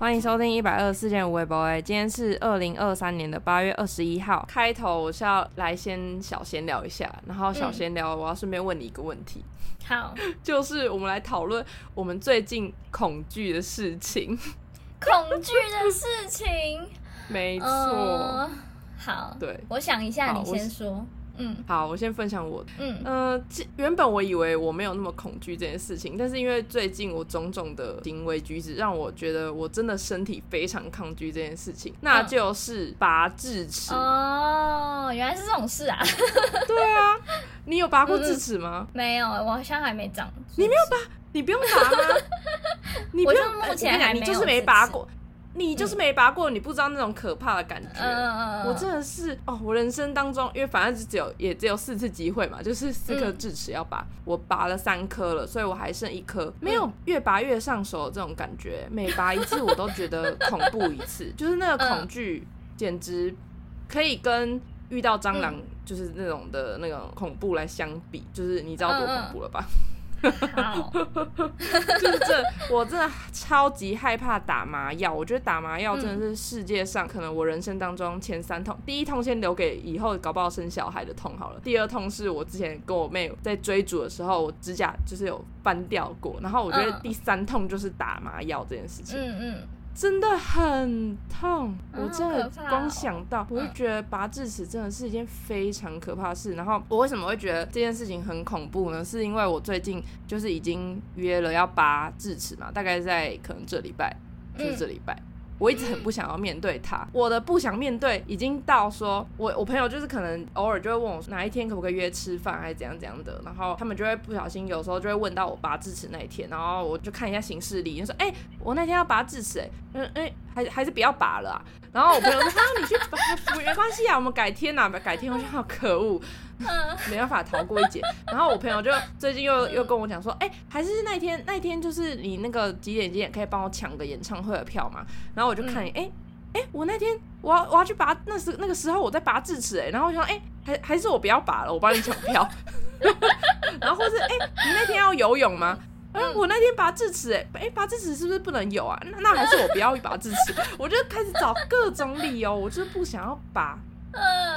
歡迎收聽一百二十四件無微博誒、欸，今天是二零二三年的八月二十一號。開頭我是要來先小閒聊一下，然後小閒聊、嗯、我要順便問你一個問題，好， 就是我們來討論我們最近恐懼的事情，恐懼的事情， 沒錯、呃，好，對，我想一下，你先說。嗯，好，我先分享我，嗯，這、呃、原本我以為我沒有那麼恐懼這件事情，但是因為最近我種種的行為舉止，讓我覺得我真的身體非常抗拒這件事情，那就是拔智齒、嗯。哦，原來是這種事啊！對啊，你有拔過智齒嗎、嗯？沒有，我好像還沒長。你沒有拔？你不用拔嗎？ 你不用？目前還沒，我跟你講，你就是沒拔過。你就是沒拔過、嗯，你不知道那種可怕的感覺。嗯、我真的是哦，我人生當中，因為反正是只有也只有四次機會嘛，就是四顆智齒要拔、嗯，我拔了三顆了，所以我還剩一顆。沒有越拔越上手這種感覺、嗯，每拔一次我都覺得恐怖一次， 就是那個恐懼簡直可以跟遇到蟑螂就是那種的那種恐怖來相比、嗯，就是你知道多恐怖了吧？嗯 哈哈，就是這真， 我真的超級害怕打麻藥。我覺得打麻藥真的是世界上、嗯、可能我人生當中前三痛，第一痛先留給以後搞不好生小孩的痛好了。第二痛是我之前跟我妹在追逐的時候，我指甲就是有翻掉過。然後我覺得第三痛就是打麻藥這件事情。嗯嗯。真的很痛，嗯、我真的光想到，哦、我就覺得拔智齒真的是一件非常可怕的事、嗯。然後我為什麼會覺得這件事情很恐怖呢？是因為我最近就是已經約了要拔智齒嘛，大概在可能這禮拜，就是這禮拜。嗯我一直很不想要面對他，我的不想面對已經到說，我我朋友就是可能偶爾就會問我，哪一天可不可以約吃飯，還是怎樣怎樣的，然後他們就會不小心有時候就會問到我拔智齒那一天，然後我就看一下行事曆，就說，哎、欸，我那天要拔智齒，嗯，哎、欸。還還是不要拔了啊！然後我朋友說：“那、啊、你去拔，沒關係啊，我們改天吶、啊，改天。”我覺得好可惡，沒辦法逃過一劫。然後我朋友就最近又又跟我講說：“哎，還是那天，那天就是你那個幾點幾點可以幫我搶個演唱會的票嘛？”然後我就看，哎哎，我那天我要我要去拔，那時那個時候我在拔智齒哎、欸，然後我想說，哎，還還是我不要拔了，我幫你搶票。然後或者是，哎，你那天要游泳嗎？哎、嗯欸，我那天拔智齒、欸，哎，哎，拔智齒是不是不能有啊？那，那還是我不要拔智齒，我就開始找各種理由，我就不想要拔。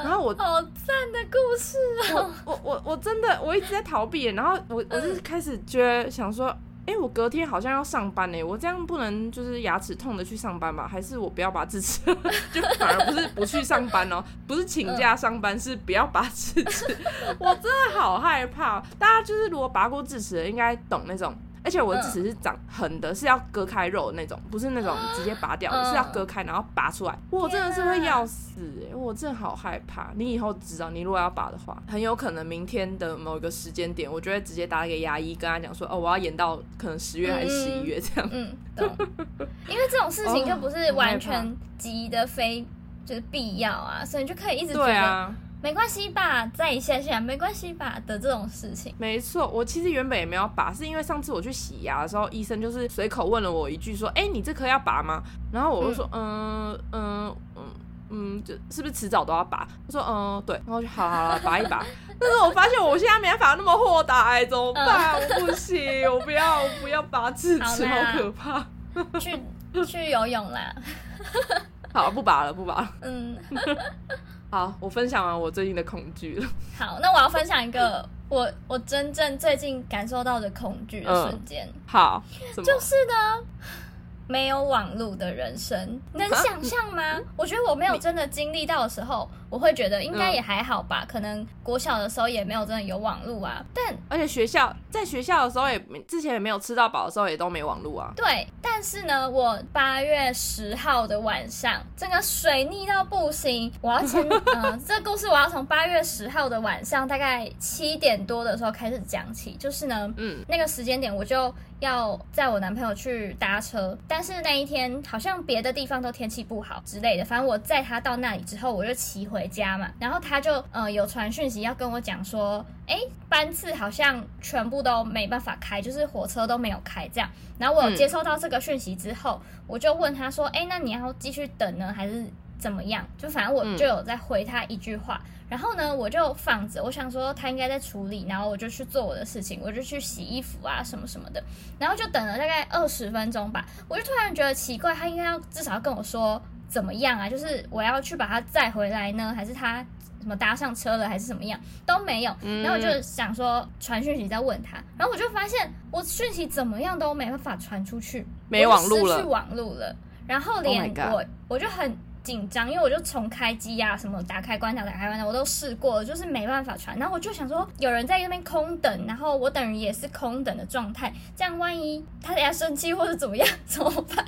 然後我好讚的故事啊、喔！我我我我真的我一直在逃避、欸，然後我我就開始覺得想說，哎、欸，我隔天好像要上班哎、欸，我這樣不能就是牙齒痛的去上班吧？還是我不要拔智齒， 就反而不是不去上班哦、喔，不是請假上班，是不要拔智齒、嗯。我真的好害怕、喔，大家就是如果拔過智齒的，應該懂那種。而且我的智齒是長橫的，是要割開肉那種，uh, 不是那種直接拔掉，uh, 是要割開然後拔出來。我、uh, 真的是會要死、欸，yeah. 我真的好害怕。你以後知道，你如果要拔的話，很有可能明天的某個時間點，我就會直接打給牙醫，跟他講說，哦，我要延到可能十月還是十一月這樣。嗯，嗯，懂。 因為這種事情就不是完全急的非就是必要啊，所以你就可以一直對啊。沒關係吧，再一下下沒關係吧的這種事情。沒錯，我其實原本也沒有拔，是因為上次我去洗牙的時候，醫生就是隨口問了我一句，說：“哎、欸，你這顆要拔嗎？”然後我就說：“嗯嗯嗯嗯，嗯，就是不是遲早都要拔。”他說：“嗯，對。”然後就“好好好， 拔一拔。”但是我發現我現在沒辦法那麼豁達，哎，怎麼辦、嗯？我不行，我不要，不要拔智齒，好可怕！ 去去游泳啦！ 好，不拔了，不拔了。嗯。 好，我分享完我最近的恐懼了。好，那我要分享一個我 我，我真正最近感受到的恐懼的瞬間、嗯。好，就是呢，沒有網路的人生，能想象嗎？我覺得我沒有真的經歷到的時候。我會覺得應該也還好吧、嗯，可能國小的時候也沒有真的有網路啊，但而且學校在學校的時候也之前也沒有吃到飽的時候也都沒網路啊。對，但是呢，我八月十號的晚上，整、這個水逆到不行，我要從嗯、 呃，這個、故事我要從八月十號的晚上大概七點多的時候開始講起，就是呢，嗯，那個時間點我就要載我男朋友去搭車，但是那一天好像別的地方都天氣不好之類的，反正我載他到那裡之後，我就騎回。回家嘛，然後他就呃有傳訊息要跟我講說，哎，班次好像全部都沒辦法開，就是火車都沒有開這樣。然後我有接收到這個訊息之後，嗯、我就問他說，哎，那你要繼續等呢，還是怎麼樣？就反正我就有在回他一句話。然後呢，我就放着，我想說他應該在處理，然後我就去做我的事情，我就去洗衣服啊什麼什麼的。然後就等了大概二十分鐘吧，我就突然覺得奇怪，他應該要至少要跟我說。怎麼樣啊？就是我要去把他載回來呢，還是他什麼搭上車了，還是怎麼樣都沒有。然後我就想說傳訊息再問他，然後我就發現我訊息怎麼樣都沒辦法傳出去，沒網路了，失去網路了。然後連我、oh、我就很緊張，因為我就重開機啊，什麼打開關卡，打開關卡，我都試過了，就是沒辦法傳。然後我就想說有人在那邊空等，然後我等於也是空等的狀態。這樣萬一他等一下要生氣或者怎麼樣怎麼辦？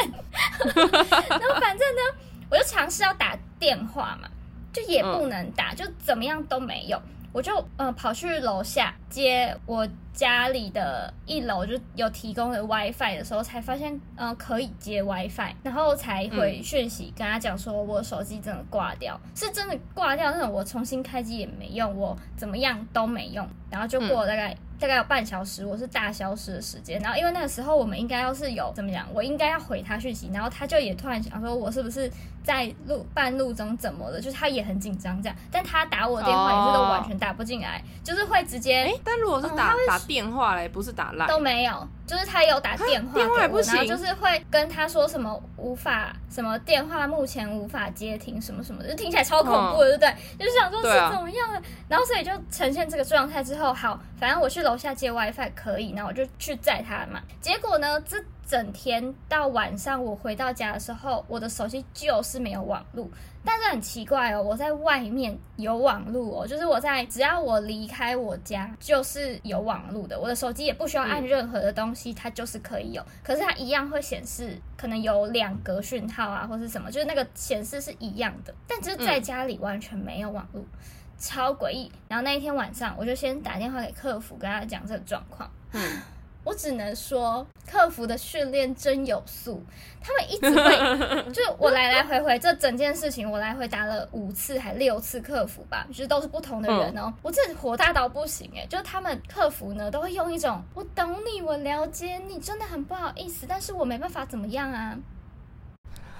然 後 反正呢。我就嘗試要打電話嘛，就也不能打，oh. 就怎麼樣都沒用。我就呃跑去樓下接，我家裡的一樓就有提供的 WiFi 的時候，才發現呃可以接 WiFi，然後才回訊息跟他講說我手機真的掛掉、嗯，是真的掛掉，那種我重新開機也沒用，我怎麼樣都沒用。然後就過了大概、嗯、大概有半小時，我是大消失的時間。然後因為那個時候我們應該要是有怎麼講，我應該要回他訊息，然後他就也突然想說我是不是。在路，半路中怎麼了？就是他也很緊張，這樣，但他打我電話也是都完全打不進來，哦，就是會直接。欸、但如果是打，嗯、打電話嘞，不是打 Line 都沒有，就是他有打電話給我，欸電話不行，然後就是會跟他說什麼無法，什麼電話目前無法接聽，什麼什麼的，就聽起來超恐怖的，對不對？就是想說是怎麼樣的，啊，然後所以就呈現這個狀態之後，好，反正我去樓下借 WiFi 可以，那我就去載他嘛。結果呢，這。整天到晚上，我回到家的時候，我的手機就是沒有網路。但是很奇怪哦，我在外面有網路哦，就是我在只要我離開我家就是有網路的，我的手機也不需要按任何的東西、嗯，它就是可以有。可是它一樣會顯示可能有兩格訊號啊，或是什麼，就是那個顯示是一樣的。但就是在家裡完全沒有網路，嗯、超詭異。然後那一天晚上，我就先打電話給客服，跟他講這個狀況。嗯我只能說，客服的訓練真有素。他們一直會， 就我來來回回這整件事情，我來回答了五次還六次客服吧，其實都是不同的人哦。嗯。我自己火大到不行欸，就他們客服呢，都會用一種“我懂你，我了解你”，真的很不好意思，但是我沒辦法，怎麼樣啊？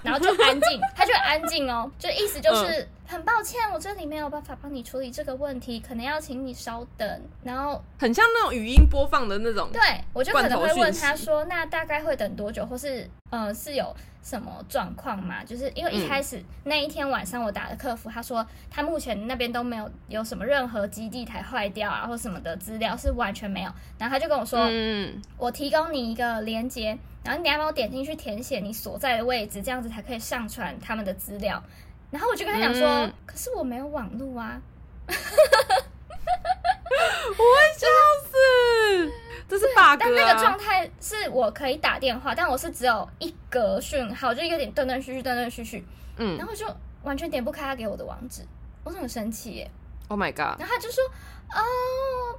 然後就安靜，他就安靜哦，就意思就是、嗯、很抱歉，我這裡沒有辦法幫你處理這個問題，可能要請你稍等。然後很像那種語音播放的那種。對，我就可能會問他說，那大概會等多久，或是呃，是有什麼狀況嗎？就是因為一開始、嗯、那一天晚上我打的客服，他說他目前那邊都沒有有什麼任何基地台壞掉啊，或什麼的資料是完全沒有。然後他就跟我說，嗯，我提供你一個連結。然後你要幫我點進去填寫你所在的位置，這樣子才可以上傳他們的資料。然後我就跟他講說，嗯、可是我沒有網絡啊！ 我會笑死，就是、這是 bug 啊、但那個狀態是我可以打電話，但我是只有一格訊號，就有點斷斷續續，斷斷續續。然後就完全點不開他給我的網址，我很生氣耶！Oh my god！然後他就說，哦，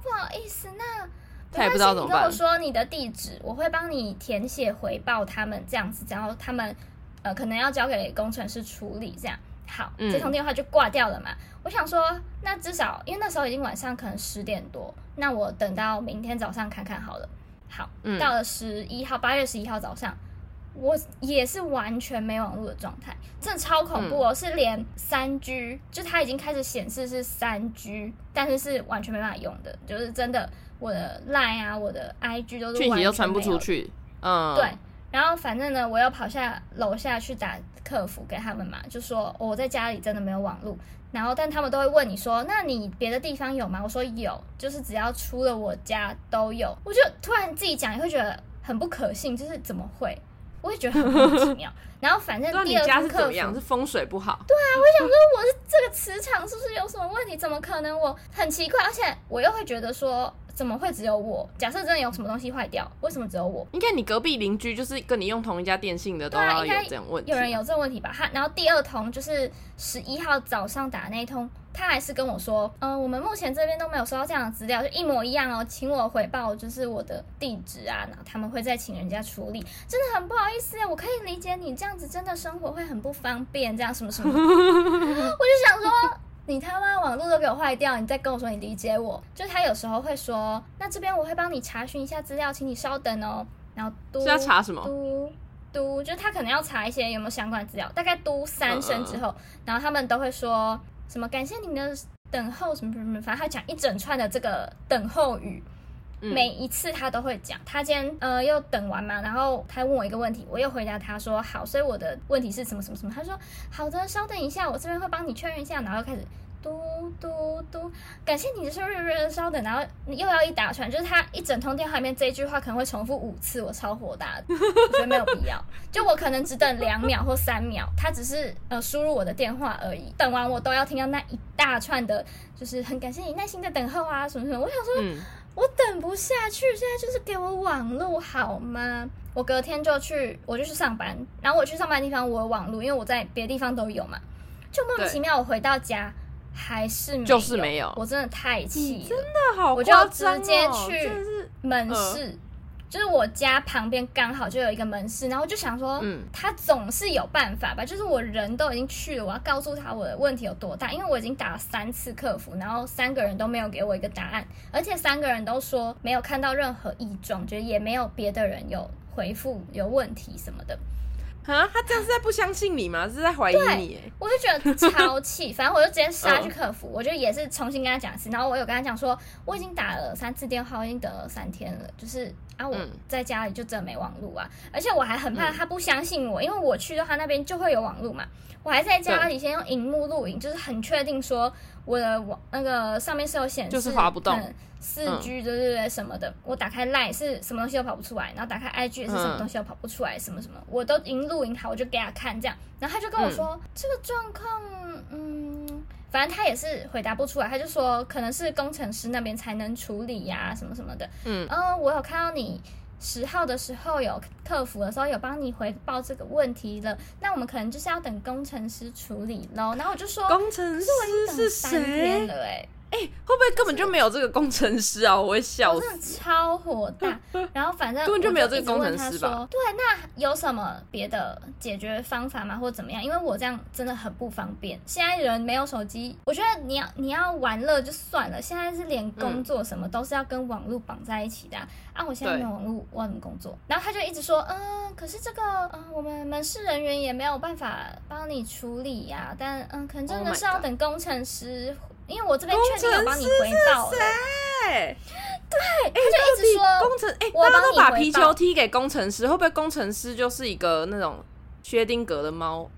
不好意思，那。但是，你跟我說你的地址，我會幫你填寫回報他們這樣子，然後他們呃可能要交給工程師處理這樣。好，這通電話就掛掉了嘛、嗯。我想說，那至少因為那時候已經晚上可能十點多，那我等到明天早上看看好了。好，到了十一號，八月十一號早上，我也是完全沒網絡的狀態，真的超恐怖哦！嗯、是連三 G，就它已經開始顯示是三 G，但是是完全沒辦法用的，就是真的。我的 Line 啊，我的 IG 都是完全都傳不出去，嗯，對。然後反正呢，我又跑下樓下去打客服給他們嘛，就說我在家裡真的沒有網絡。然後但他們都會問你說：“那你別的地方有嗎？”我說：“有，就是只要出了我家都有。”我就突然自己講也會覺得很不可信，就是怎麼會？我也覺得很莫名其妙。 然後反正第二家是怎麼樣？是風水不好？對啊，我想說我是這個磁場是不是有什麼問題？怎麼可能我？我很奇怪，而且我又會覺得說。怎麼會只有我？假設真的有什麼東西壞掉，為什麼只有我？應該你隔壁鄰居就是跟你用同一家電信的，都要有這樣問題，啊、應該有人有這問題吧？哈然後第二通就是十一號早上打的那一通，他還是跟我說，嗯、呃，我們目前這邊都沒有收到這樣的資料，就一模一樣哦、喔，請我回報就是我的地址啊，然後他們會再請人家處理，真的很不好意思、啊、我可以理解你這樣子，真的生活會很不方便，這樣什麼什麼， 我就想說。你他媽網絡都給我壞掉！你再跟我說你理解我，就他有時候會說，那這邊我會幫你查詢一下資料，請你稍等哦、喔。然後嘟，是要查什麼？嘟嘟，就他可能要查一些有沒有相關的資料，大概嘟三聲之後，uh... 然後他們都會說什麼感謝你們的等候，什麼什麼，什麼，反正他講一整串的這個等候語。每一次他都會講，他今天呃又等完嘛，然後他問我一個問題，我又回答他說好，所以我的問題是什麼什麼什麼，他說好的，稍等一下，我這邊會幫你確認一下，然後開始嘟嘟嘟，感謝你就是日日日的收，收的。稍等，然後你又要一大串，就是他一整通電話裡面這一句話可能會重複五次，我超火大，我覺得沒有必要，就我可能只等兩秒或三秒，他只是呃輸入我的電話而已，等完我都要聽到那一大串的，就是很感謝你耐心的等候啊什麼什麼，我想說。嗯我等不下去，現在就是給我網路好嗎？我隔天就去，我就去上班，然後我去上班的地方我有網路，因為我在別的地方都有嘛，就莫名其妙我回到家還是沒有就是沒有，我真的太氣了，真的好，哦，我就直接去就是門市。呃就是我家旁邊剛好就有一個門市，然後就想說，他總是有辦法吧。嗯。就是我人都已經去了，我要告訴他我的問題有多大，因為我已經打了三次客服，然後三個人都沒有給我一個答案，而且三個人都說沒有看到任何異狀，就是也沒有別的人有回復有問題什麼的。啊，他這樣是在不相信你嗎？啊、是在懷疑你、欸？我就覺得超氣。 反正我就直接殺去客服，我就也是重新跟他講一次。然後我有跟他講說，我已經打了三次電話，我已經等了三天了，就是啊，我在家裡就真的沒網路啊、嗯，而且我還很怕他不相信我，嗯、因為我去到他那邊就會有網路嘛。我還在家裡先用熒幕錄影，就是很確定說。我的網那個上面是有顯示，就是滑不動，四 G 對對對什麼的。我打開 Line 是什麼東西都跑不出來，然後打開 IG 也是什麼東西都跑不出來，什麼什麼，我都已經錄音好，我就給他看這樣，然後他就跟我說這個狀況，嗯，反正他也是回答不出來，他就說可能是工程師那邊才能處理呀、啊，什麼什麼的。嗯，我有看到你。十號的時候有客服的時候有幫你回報這個問題了，那我們可能就是要等工程師處理咯，然後我就說，工程師是誰？可是我已經等三天了，欸？哎、欸，會不會根本就沒有這個工程師啊？就是、我會笑死，哦、真的超火大。 然後反正根本就沒有這個工程師吧？對，那有什麼別的解決方法嗎？或者怎麼樣？因為我這樣真的很不方便。現在人沒有手機，我覺得你要你要玩樂就算了，現在是連工作什麼都是要跟網絡綁在一起的啊、嗯。啊，我現在沒有網絡，我要怎麼工作？然後他就一直說，嗯，可是這個，嗯，我們門市人員也沒有辦法幫你處理呀、啊。但嗯，可能真的是要等工程師。因為我這邊幫你回到誰？對，他、欸、就一直說工程，哎、欸，大家都把皮球踢給工程師，會不會工程師就是一個那種薛丁格的貓？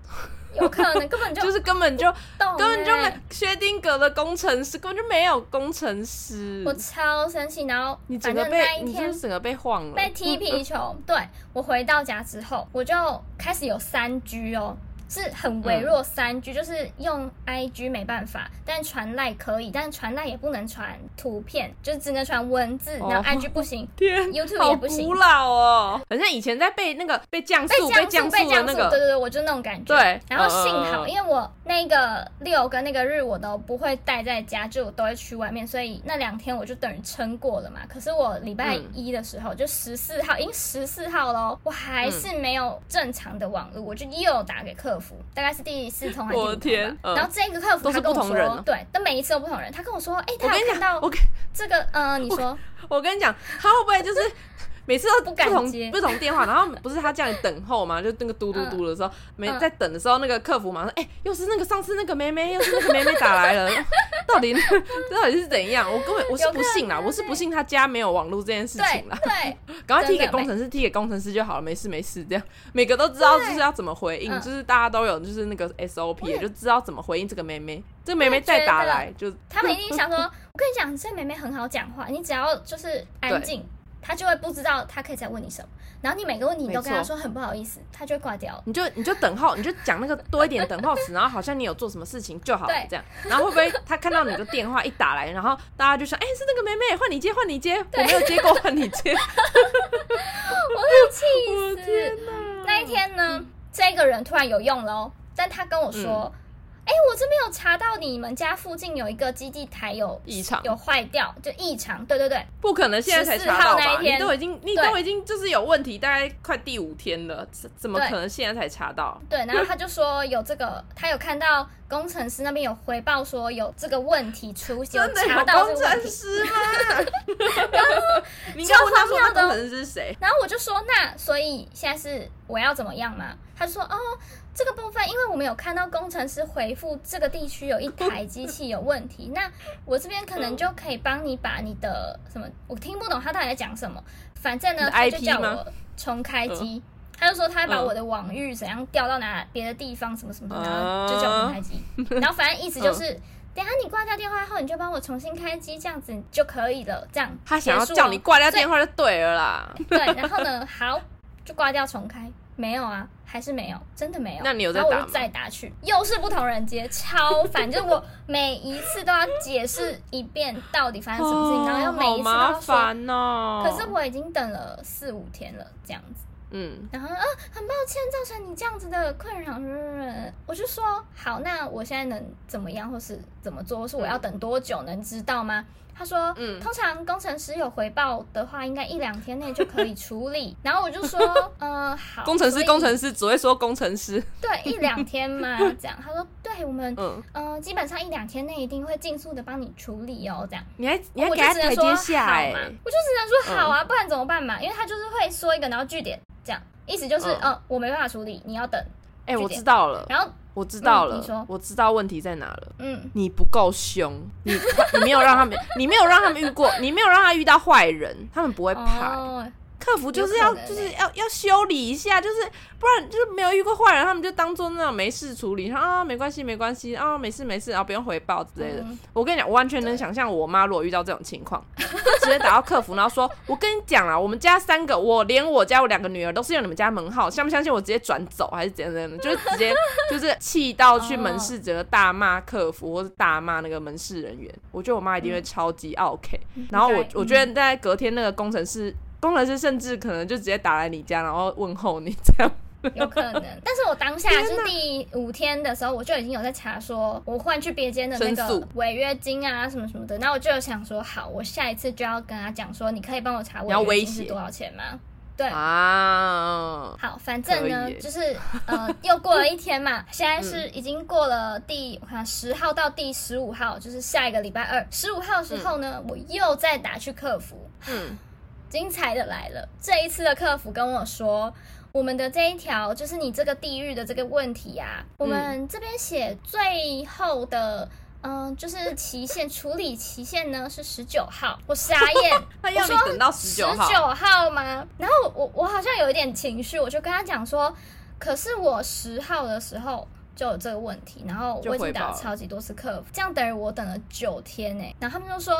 有可能根本就， 就是根本就、欸、根本就沒薛丁格的工程師，根本就沒有工程師。我超生氣，然後你整個被，你就是整個被晃了，被踢皮球。 對，我回到家之後，我就開始有 3C 哦。是很微弱三 G、嗯、就是用 IG 沒辦法，但傳賴可以，但是傳賴也不能傳圖片，就只能傳文字，哦，然後 IG 不行，YouTube 也不行。好古老哦！好像以前在被那個被降速，、被降速，、被降、被降、那個、對對對，我就那種感覺。對，然後幸好、哦哦哦、因為我那個六跟那個日我都不會待在家，就我都會去外面，所以那兩天我就等於撐過了嘛。可是我禮拜一的時候就十四號，已經十四號嘍，我還是沒有正常的網絡，我就又打給客服。大概是第四通還是第五通、呃。然後這一個客服他跟我說，啊、對，都每一次都不同人。他跟我說，哎、欸，他沒看到這個，嗯、呃，你說，我跟，我跟你講，他會不會就是？每次都不同不,敢接不同電話，然後不是他這樣等候嘛， 就那個嘟嘟嘟的時候，嗯、沒在等的時候，那個客服嘛說，哎、欸，又是那個上次那個妹妹，又是那個妹妹打來了， 到底那到底是怎樣？我根本我是不信啦，我是不信他家沒有網絡這件事情啦。對對，趕 快踢給工程師，踢給工程師就好了，沒事沒事，這樣每個都知道就是要怎麼回應，就是大家都有就是那個 S O P，就是、知道怎麼回應這個妹妹。這個、妹妹再打來就他們一定想說， 我跟你講，你這妹妹很好講話，你只要就是安靜。他就會不知道他可以再問你什麼，然後你每個問題你都跟他說很不好意思，他就掛掉了。你就你就等候，你就講那個多一點等候詞，然後好像你有做什麼事情就好了這樣。然後會不會他看到你的電話一打來，然後大家就說：“哎、 欸，是那個妹妹，換你接，換你接，我沒有接過，換 你接。 我氣” 我氣死、啊！那一天呢，嗯、這一個人突然有用了，但他跟我說。嗯哎、欸，我這邊有查到你們家附近有一個基地台有異常，有壞掉，就異常。對對對，不可能現在才查到吧？十四號那一天你都已經，你都已經就是有問題，大概快第五天了，怎怎麼可能現在才查到？對，對，然後他就說有這個， 他有看到工程師那邊有回報說有這個問題出現， 真的有工程師嗎？ 然後你哈哈！你告他我 工程師是誰？然後我就說那所以現在是我要怎麼樣嘛？嗯、他就說哦。這個部分，因為我們有看到工程師回復，這個地區有一台機器有問題。 那我這邊可能就可以幫你把你的什麼，我聽不懂他到底在講什麼。反正呢，他就叫我重開機，嗯、他就說他把我的網域怎樣調到哪，嗯、別的地方，什麼什麼，然後就叫我重開機，嗯。然後反正意思就是，嗯、等下你掛掉電話後，你就幫我重新開機，這樣子就可以了。這樣結束了。他想要叫你掛掉電話就對了啦。對，對，然後呢，好，就掛掉重開。沒有啊，還是沒有，真的沒有。那你有在打？我再打去，又是不同人接， 超煩。就是、我每一次都要解釋一遍到底發生什麼事情，哦、然後又每一次都要說。好麻煩哦。可是我已經等了四五天了，這樣子。嗯，然後啊，很抱歉造成你這樣子的困擾。我就說好，那我現在能怎麼樣，或是怎麼做，或是我要等多久能知道嗎？嗯他說：“嗯，通常工程師有回報的話，應該一兩天內就可以處理。 ”然後我就說：“嗯、呃，好。”工程師，工程師只會說工程師。對，一兩天嘛， 這樣。他說：“對我們，嗯，呃、基本上一兩天內一定會盡速的幫你處理哦，這樣。你”你還，你還給他台階下嘛、嗯？我就只能說好嘛，我就只能說好啊，不然怎麼辦嘛？因為他就是會說一個，然後句點，這樣意思就是，嗯、呃，我沒辦法處理，你要等。哎、欸，我知道了，我知道了，我知道問題在哪了？你不夠兇，你你沒有讓他們，你沒有讓他們遇過，你沒有讓他遇到壞人，他們不會怕。客服就是要就是要要,要修理一下，就是不然就是沒有遇過壞人，他們就當做那種沒事處理，說啊沒關係沒關係啊沒事沒事然後不用回報之類的。嗯、我跟你講，我完全能想象我媽如果遇到這種情況，就直接打到客服，然後說： 我跟你講啊，我們家三個，我連我家我兩個女兒都是用你們家門號，相不相信？我直接轉走還是怎樣怎樣？就是直接就是氣到去門市責大罵客服或者大罵那個門市人員。我覺得我媽一定會超級 OK，、嗯、然後我、嗯、我覺得在隔天那個工程師。通常是，甚至可能就直接打來你家，然後問候你這樣。有可能，但是我當下就是第五天的時候，我就已經有在查說，我換去別間的那個違約金啊，什麼什麼的。那我就有想說，好，我下一次就要跟他講說，你可以幫我查違約金是多少錢嗎？對啊，好，反正呢，就是呃，又過了一天嘛， 嗯、現在是已經過了第好像十號到第十五號，就是下一個禮拜二十五號的時候呢，嗯、我又再打去客服，嗯。精彩的來了！這一次的客服跟我說，我們的這一條就是你這個地域的這個問題呀、啊嗯，我們這邊寫最後的，嗯、呃，就是期限 處理期限呢是十九號，我傻眼， 他要你等到十九號，我說十九號嗎？然後我我好像有一點情緒，我就跟他講說，可是我十號的時候。就有這個問題，然後我已經打了超級多次客服，這樣等於我等了九天呢、欸。然後他們就說，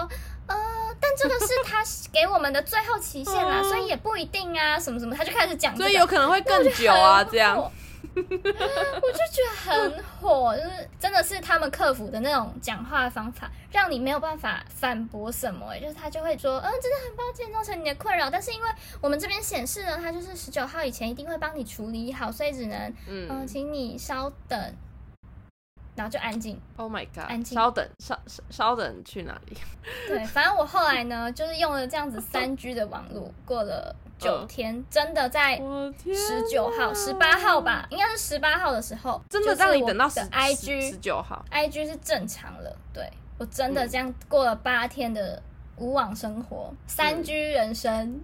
呃，但這個是他給我們的最後期限啦， 所以也不一定啊，什麼什麼，他就開始講、這個，所以有可能會更久啊，呵呵這樣。 嗯、我就覺得很火，就是真的是他們客服的那種講話方法，讓你沒有辦法反駁什麼。就是他就會說，嗯，真的很抱歉造成你的困擾，但是因為我們這邊顯示呢，他就是十九號以前一定會幫你處理好，所以只能嗯、呃，請你稍等，然後就安靜。Oh my god，安靜，稍等，稍稍稍等去哪裡？對，反正我後來呢，就是用了這樣子三 G 的網絡，過了。九天真的在十九號、十八號吧，應該是十八號的時候，真的讓你等到十九號。IG 是正常了，對，我真的這樣過了八天的無網生活，三、嗯、C 人生。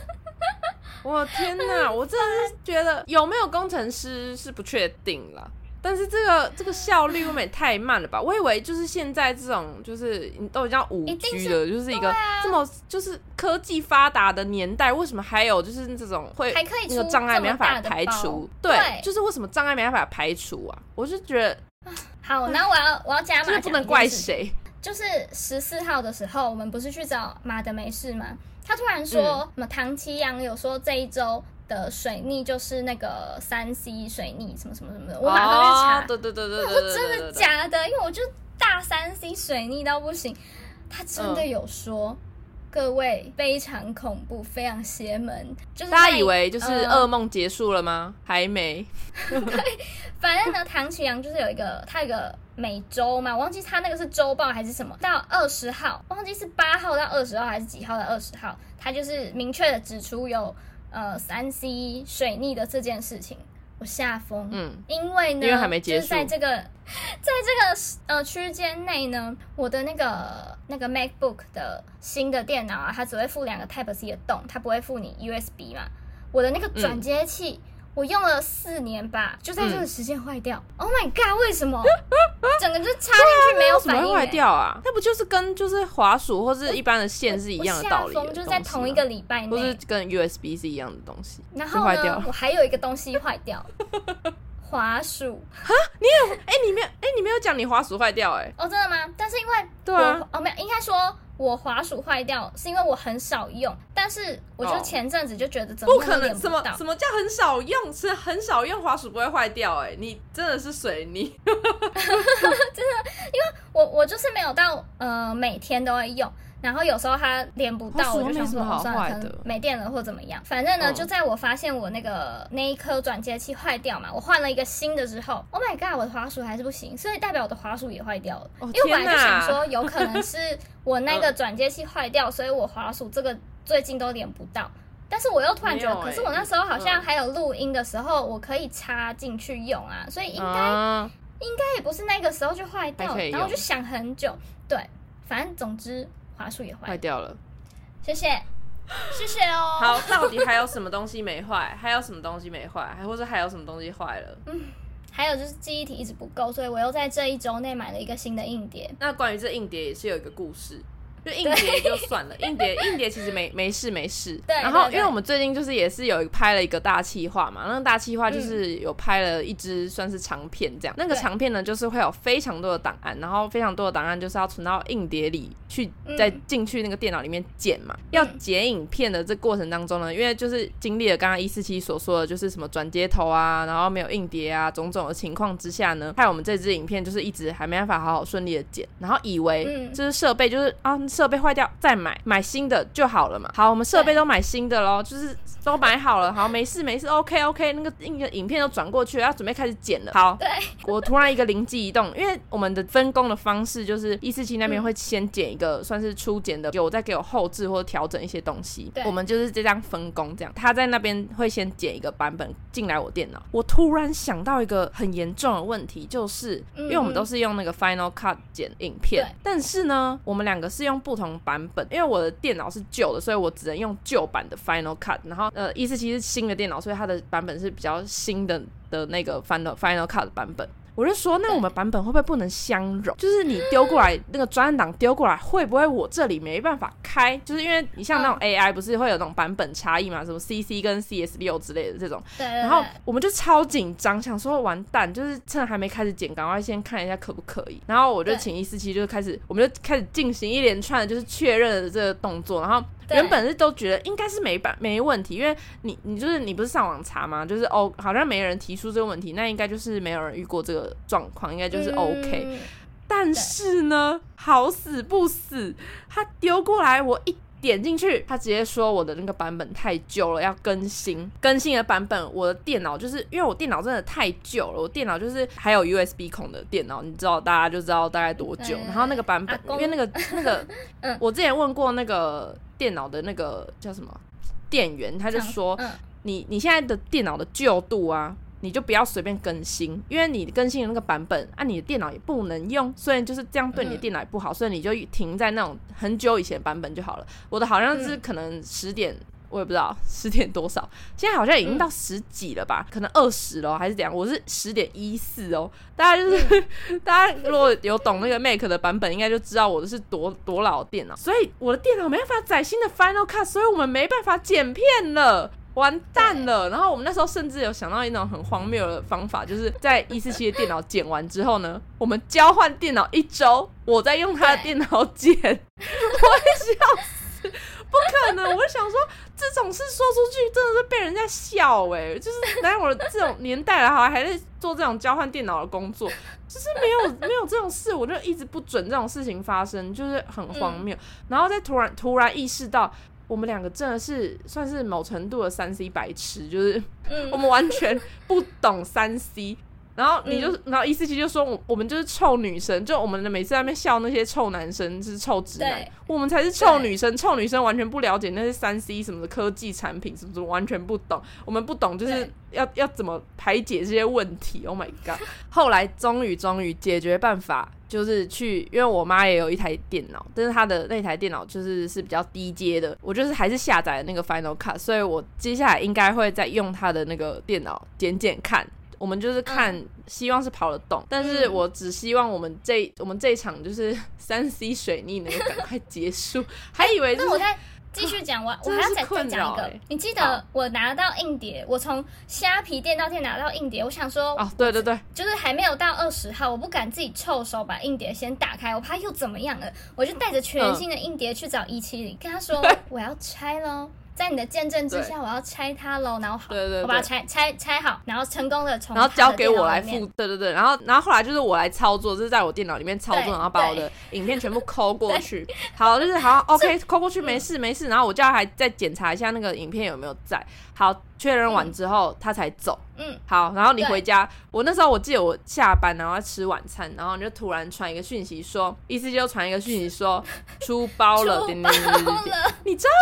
我天吶，我真的是覺得有沒有工程師是不確定了。但是這個這個效率未免太慢了吧？我以為就是現在這種，就是都已經五 G 了，就是一個、啊、這麼就是科技發達的年代，為什麼還有就是這種會那說障礙沒辦法排除對？對，就是為什麼障礙沒辦法排除啊？我是覺得，好，那我要、嗯、我要加碼。這不能怪誰。就是十四號的時候，我們不是去找馬德梅斯嗎？他突然說，嗯、什麼唐七陽有說這一週。的水逆就是那個三 C 水逆什麼什麼什麼的，oh, 我馬上去查。對對對對對。我說真的假的？對對對對對對對因為我就大三 C 水逆到不行，他真的有說，嗯、各位非常恐怖，非常邪門。就是他以為就是噩夢結束了嗎？還沒。 對，反正呢，唐綺陽就是有一個，他有個每周嘛，我忘記他那個是周報還是什麼，到二十號，忘記是八號到二十號還是幾號到二十號，他就是明確的指出有。呃，3C 水逆的這件事情，我嚇瘋。嗯，因為呢，因為還沒結束，就是在這個，在這個呃區間內呢，我的那個那個 MacBook 的新的電腦啊，它只會附兩個 Type C 的洞，它不會附你 USB 嘛。我的那個轉接器。嗯我用了四年吧，就在這個時間壞掉、嗯。Oh my god，為什麼？啊、整個就插進去沒有反應、欸。什、啊、麼壞掉啊？那不就是跟就是滑鼠或是一般的線是一樣的道理的嗎？嗯、我就是在同一個禮拜內不是跟 USB 是一樣的東西。然後呢，我還有一個東西壞掉， 滑鼠。哈、啊，你有？哎、欸，你沒有？哎、欸，你沒有講你滑鼠壞掉、欸？哎，哦，真的嗎？但是因為對啊，哦，沒有，應該說。我滑鼠壞掉是因為我很少用，但是我就前陣子就覺得怎麼那麼演不到？、oh. 不可能，什麼什麼叫很少用？是很少用滑鼠不會壞掉、欸？哎，你真的是水逆，你 真的，因為我我就是沒有到呃每天都會用。然後有時候它連不到，我就想說，算了，可能沒電了或怎麼樣。反正呢，就在我發現我那個那一顆轉接器壞掉嘛，我換了一個新的之後，Oh my god，我的滑鼠還是不行，所以代表我的滑鼠也壞掉了。因為我本來就想說，有可能是我那個轉接器壞掉，所以我滑鼠這個最近都連不到。但是我又突然覺得，可是我那時候好像還有錄音的時候，我可以插進去用啊，所以應該應該也不是那個時候就壞掉。然後我就想很久，對，反正總之。華碩也壞，壞掉了。謝謝， 謝謝哦。好，到底還有什麼東西沒壞？ 還有什麼東西沒壞？還或者還有什麼東西壞了？嗯，還有就是記憶體一直不夠，所以我又在這一周內買了一個新的硬碟。那關於這硬碟，也是有一個故事。就硬碟就算了，硬碟 硬碟其實沒沒事沒事。對對對，然後因為我們最近就是也是有拍了一個大企劃嘛，那個大企劃就是有拍了一支算是長片這樣，嗯、那個長片呢就是會有非常多的檔案，然後非常多的檔案就是要存到硬碟裡去，再進去那個電腦裡面剪嘛。嗯、要剪影片的這過程當中呢，因為就是經歷了剛剛一四七所說的，就是什麼轉接頭啊，然後沒有硬碟啊種種的情況之下呢，害我們這支影片就是一直還沒辦法好好順利的剪，然後以為就是設備就是啊。設備壞掉再買，買新的就好了嘛。好，我們設備都買新的嘍，就是都買好了。好，沒事沒事，OK OK。那個那個影片都轉過去了，要準備開始剪了。好，對。我突然一個靈機一動，因為我們的分工的方式就是一四七那邊會先剪一個算是初剪的，嗯、有再給我後製或調整一些東西。對，我們就是這樣分工這樣。他在那邊會先剪一個版本進來我電腦，我突然想到一個很嚴重的問題，就是因為我們都是用那個 Final Cut 剪影片，但是呢，我們兩個是用。不同版本，因為我的電腦是舊的，所以我只能用舊版的 Final Cut。然後，呃，伊思琪是新的電腦，所以它的版本是比較新的的那個 Final Final Cut 版本。我就說，那我們版本會不會不能相容？就是你丟過來那個專案檔丟過來，會不會我這裡沒辦法開？就是因為你像那種 AI 不是會有那種版本差異嘛，什麼 CC 跟 CS 六之類的這種。對。然後我們就超緊張，想說完蛋，就是趁還沒開始剪，趕快先看一下可不可以。然後我就請一四七，就是開始，我們就開始進行一連串的就是確認的這個動作。然後。原本是都覺得應該是沒辦沒問題，因為你你就是你不是上網查嗎？就是哦，好像沒人提出這個問題，那應該就是沒有人遇過這個狀況，應該就是 OK。嗯、但是呢，好死不死，他丟過來我一。點進去，他直接說我的那個版本太舊了，要更新。更新的版本，我的電腦就是，因為我電腦真的太舊了，我電腦就是還有 USB 孔的電腦，你知道，大家就知道大概多久。然後那個版本，因為那個那個、嗯，我之前問過那個電腦的那個叫什麼店員，他就說，你你現在的電腦的舊度啊，你就不要隨便更新，因為你更新的那個版本啊，你的電腦也不能用，所以就是這樣，對你的電腦也不好，所以你就停在那種很久以前的版本就好了。我的好像是可能十點，嗯、我也不知道十點多少，現在好像已經到十幾了吧，嗯、可能二十了，還是怎樣？我是十點一四哦。大家就是、嗯、大家如果有懂那個 Mac 的版本，應該就知道我的是多多老電腦，所以我的電腦沒辦法載新的 Final Cut，所以我們沒辦法剪片了。完蛋了！然後我們那時候甚至有想到一種很荒謬的方法，就是在一四七的電腦剪完之後呢，我們交換電腦一周，我再用他的電腦剪，我也要死！不可能！我想說這種事說出去真的是被人家笑哎、欸，就是在我這種年代了哈，還在做這種交換電腦的工作，就是沒有沒有這種事，我就一直不准這種事情發生，就是很荒謬。嗯、然後再突然突然意識到，我們兩個真的是算是某程度的 3C 白痴，就是我們完全不懂 3C。然後你就、嗯、然後124就說，我們就是臭女生，就我們的每次在那邊笑那些臭男生就是臭直男，我們才是臭女生。臭女生完全不了解那些 3C 什麼的科技產品，什麼什麼完全不懂，我們不懂就是要要怎麼排解這些問題。Oh my god！後來終於終於解決辦法就是去，因為我媽也有一台電腦，但是她的那台電腦就是是比較低階的，我就是還是下載了那個 Final Cut，所以我接下來應該會再用她的那個電腦剪剪看。我們就是看，希望是跑得動，嗯，但是我只希望我們這我們這一場就是三 C 水逆能夠趕快結束。 還以為那，欸、我再繼續講，哦、我還要再，欸、再講一個。你記得我拿到硬碟。哦、我從蝦皮店到店拿到硬碟，我想說我哦，對對對，就是還沒有到二十號，我不敢自己臭手把硬碟先打開，我怕又怎麼樣了。我就帶着全新的硬碟去找一七零，跟他說 我要拆嘍。在你的見證之下，我要拆它嘍，然後好，對對、對，我把它拆拆拆好，然後成功的重，然後交給我來付，對對對，然後然後後來就是我來操作，就是在我電腦裡面操作，然後把我的影片全部摳過去，好，就是好像，OK，摳過去沒事沒事，然後我叫他還再檢查一下那個影片有沒有在，好。確認完之後、嗯，他才走。嗯，好，然後你回家。我那時候我記得我下班，然後吃晚餐，然後你就突然傳一個訊息說，說意思就傳一個訊息說出，出包了，包了叮，叮叮叮叮。你知道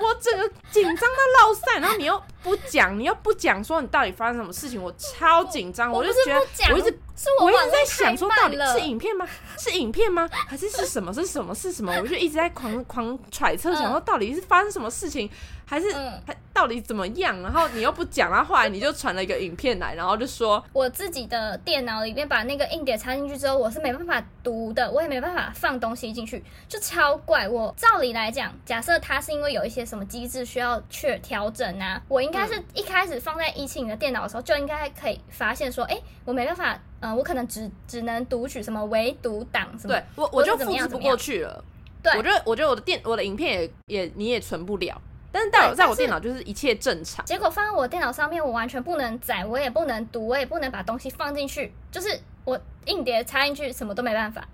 我的，我整個緊張到落散， 然後你又。不講，你又不講，說你到底發生什麼事情，我超緊張，我就覺得我一直是我，我一直在想，說到底是影片嗎？ 是影片嗎？還是是什麼？是什麼？是什麼？我就一直在狂狂揣測，想說到底是發生什麼事情，嗯、還是還到底怎麼樣？然後你又不講，然後後來你就傳了一個影片來，然後就說，我自己的電腦裡面把那個硬碟插進去之後，我是沒辦法讀的，我也沒辦法放東西進去，就超怪。我照理來講，假設它是因為有一些什麼機制需要去調整啊，我。應該是一開始放在一七年的電腦的時候就應該可以發現說，哎、欸，我沒辦法，嗯、呃，我可能只只能讀取什麼唯讀檔什麼，對，我我就複製不過去了。對，我覺得我覺得我的電我的影片也也你也存不了，但是在我在我電腦就是一切正常。結果放在我電腦上面，我完全不能載，我也不能讀，我也不能把東西放進去，就是我硬碟插進去什麼都沒辦法。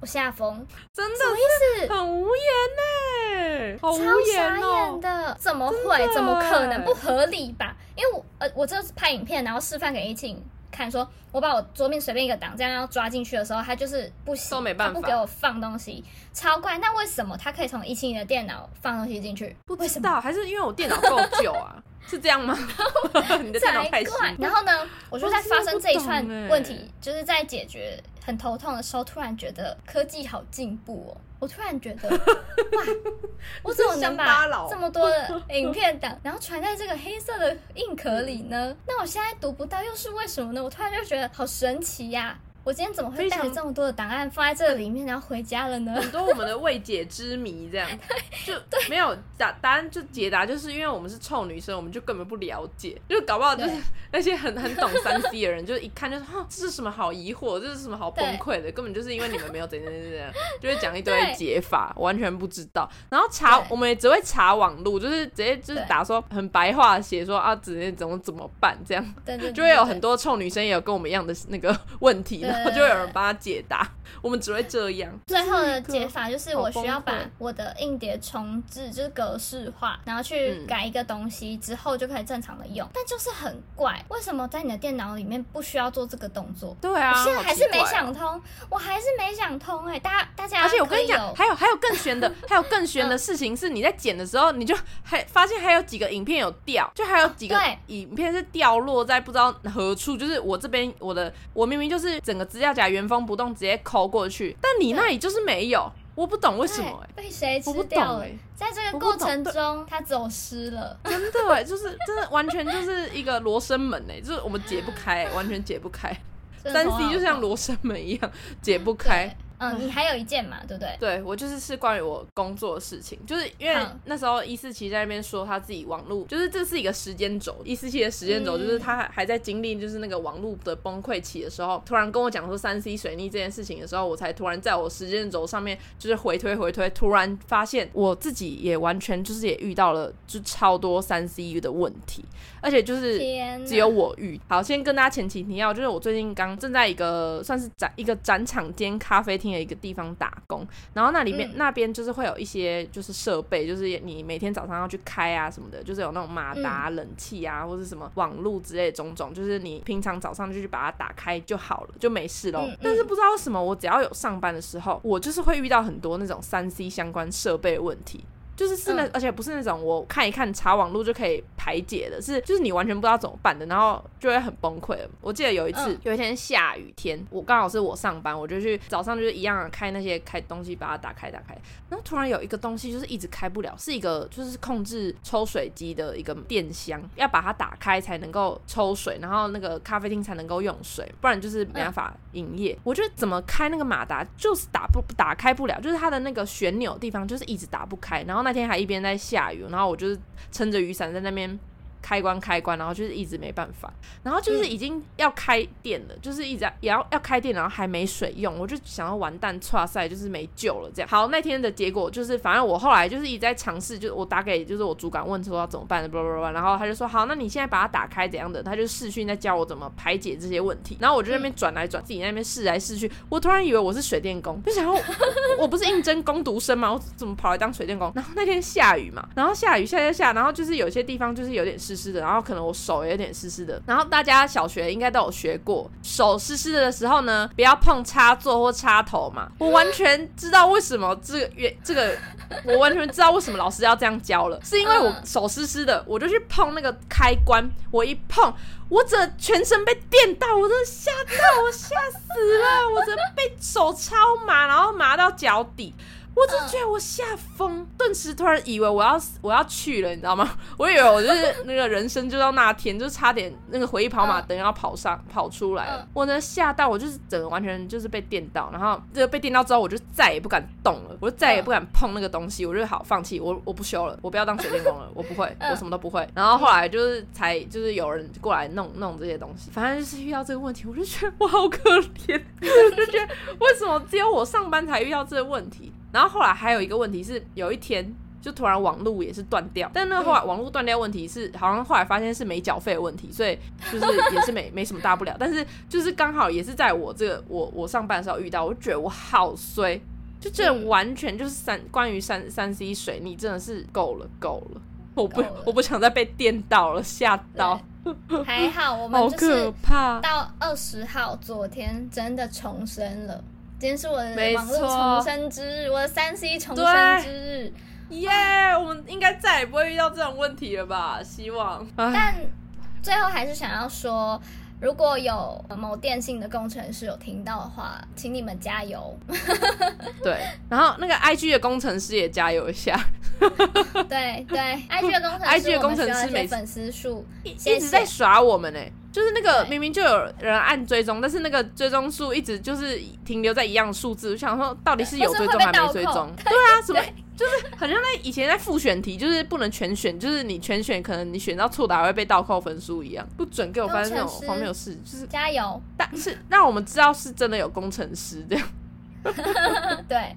我現在瘋，真的是很無言呢、欸。哦、超傻眼的，怎麼會？怎麼可能？不合理吧？因為我呃，我就是拍影片，然後示範給怡情看說，說我把我桌面隨便一個擋，這樣要抓進去的時候，他就是不行，他不給我放東西，超怪。那為什麼他可以從怡情的電腦放東西進去？不知道為什麼，還是因為我電腦夠久啊？ 是這樣嗎？ 你的大腦太快。然後呢，我就在發生這一串問題，欸，就是在解決很頭痛的時候，突然覺得科技好進步哦。我突然覺得， 哇，我怎麼能把這麼多的影片檔，然後傳在這個黑色的硬殼裡呢？ 那我現在讀不到又是為什麼呢？我突然就覺得好神奇呀、啊。我今天怎麼會帶着這麼多的檔案放在這裡面，然後回家了呢？很多我們的未解之謎，這樣 對，就沒有答答案，就解答就是因為我們是臭女生，我們就根本不了解，就搞不好就是那些很很懂三 C 的人，就是一看就是啊，這是什麼好疑惑，這是什麼好崩潰的，根本就是因為你們沒有怎樣怎樣怎樣。就會講一堆解法，我完全不知道。然後查，我們也只會查網絡，就是直接就是打說很白話寫說啊，怎怎怎麼怎麼辦這樣對對對對，就會有很多臭女生也有跟我們一樣的那個問題呢。他就會有人幫他解答。我們只會這樣。最後的解法就是我需要把我的硬碟重置，就是格式化，然後去改一個東西之後就可以正常的用。但就是很怪，為什麼在你的電腦裡面不需要做這個動作？對啊，現在還是沒想通，我還是沒想通哎！大家大家，而且我跟你講，還有還有更玄的，還有更玄的事情是，你在剪的時候，你就還發現還有幾個影片有掉，就還有幾個影片是掉落在不知道何處。就是我這邊我的我明明就是整個資料夾原封不動，直接拷跑過去，但你那裡就是沒有，我不懂為什麼哎、欸，被誰吃掉，我不懂、欸？在這個過程中，他走失了，真的、欸、就是真的，完全就是一個羅生門哎、欸， 就是我們解不開、欸，完全解不開，三 C 就像羅生門一樣解不開。嗯，你還有一件嘛，對不對？對，我就是是關於我工作的事情，就是因為那時候伊思琪在那邊說他自己網路，就是這是一個時間軸，伊思琪的時間軸就是他還在經歷就是那個網路的崩潰期的時候，突然跟我講說三 C 水逆這件事情的時候，我才突然在我時間軸上面就是回推回推，突然發現我自己也完全就是也遇到了就超多三 C U 的問題，而且就是只有我遇。好，先跟大家前情提要，就是我最近剛正在一個算是展一個展場兼咖啡廳。一個地方打工，然後那裡面、嗯、那邊就是會有一些就是設備，就是你每天早上要去開啊什麼的，就是有那種馬達、啊嗯、冷氣啊，或者什麼網絡之類的種種，就是你平常早上就去把它打開就好了，就沒事咯。嗯嗯，但是不知道為什麼，我只要有上班的時候，我就是會遇到很多那種三 C 相關設備的問題。就是是那、嗯，而且不是那種我看一看查網絡就可以排解的，是就是你完全不知道怎麼辦的，然後就會很崩潰。我記得有一次、嗯、有一天下雨天，我剛好是我上班，我就去早上就是一樣的開那些開東西，把它打開打開。然後突然有一個東西就是一直開不了，是一個就是控制抽水機的一個電箱，要把它打開才能夠抽水，然後那個咖啡廳才能夠用水，不然就是沒辦法營業、嗯。我就怎麼開那個馬達，就是打不打開不了，就是它的那個旋鈕地方就是一直打不開，然後。那天還一邊在下雨，然後我就是撐着雨傘在那邊。開關開關，然後就是一直沒辦法，然後就是已經要開店了，嗯、就是一直要也要要開店，然後還沒水用，我就想要完蛋，挫賽，就是沒救了這樣。好，那天的結果就是，反正我後來就是一直在嘗試，就是我打給就是我主管問說要怎麼辦的，blah blah blah, 然後他就說好，那你現在把它打開怎樣的，他就視訊在教我怎麼排解這些問題，然後我就在那邊轉來轉、嗯，自己那邊試來試去，我突然以為我是水電工，就想要，我不是應徵工讀生嘛，我怎麼跑來當水電工？然後那天下雨嘛，然後下雨下下下，然後就是有些地方就是有點。濕濕的，然後可能我手也有點濕濕的，然後大家小學應該都有學過，手濕濕的時候呢，不要碰插座或插頭嘛。我完全知道為什麼這個，這個我完全知道為什麼老師要這樣教了，是因為我手濕濕的，我就去碰那個開關，我一碰，我整全身被電到，我都嚇到，我嚇死了，我被手超麻，然後麻到腳底。我就覺得我嚇瘋，頓時突然以為我要我要去了，你知道嗎？我以為我就是那個人生就到那天，就差點那個回憶跑馬燈要跑上跑出來了。我能嚇到我就是整個完全就是被電到，然後這個被電到之後我就再也不敢動了，我就再也不敢碰那個東西，我就好放棄，我我不修了，我不要當水電工了，我不會，我什麼都不會。然後後來就是才就是有人過來弄弄這些東西，反正就是遇到這個問題，我就覺得我好可憐，我就覺得為什麼只有我上班才遇到這個問題？然後後來還有一個問題是，有一天就突然網絡也是斷掉，但那個後來網絡斷掉問題是，好像後來發現是沒繳費的問題，所以就是也是沒 沒什麼大不了。但是就是剛好也是在我這個我我上班的時候遇到，我覺得我好衰，就這完全就是三關於三三 C 水逆真的是夠了夠了，我不我不想再被電到了嚇到，還好我們是好可怕，到二十號昨天真的重生了。今天是我的網絡重生之日，我的三 C 重生之日，耶、啊！我們應該再也不會遇到這種問題了吧？希望。但最後還是想要說，如果有某電信的工程師有聽到的話，請你們加油。對， 然後那個 IG 的工程師也加油一下。 對對，IG 的工程，IG 的工程師沒粉絲數，一直在耍我們哎、欸。就是那個明明就有人按追蹤，但是那個追蹤數一直就是停留在一樣數字。我想說，到底是有追蹤還沒追蹤？對啊，什麼就是很像那以前在複選題，就是不能全選，就是你全選 可能你選到錯的還會被倒扣分數一樣，不准給我發生那種方面的事。就是加油，但是那我們知道是真的有工程師這樣。 對。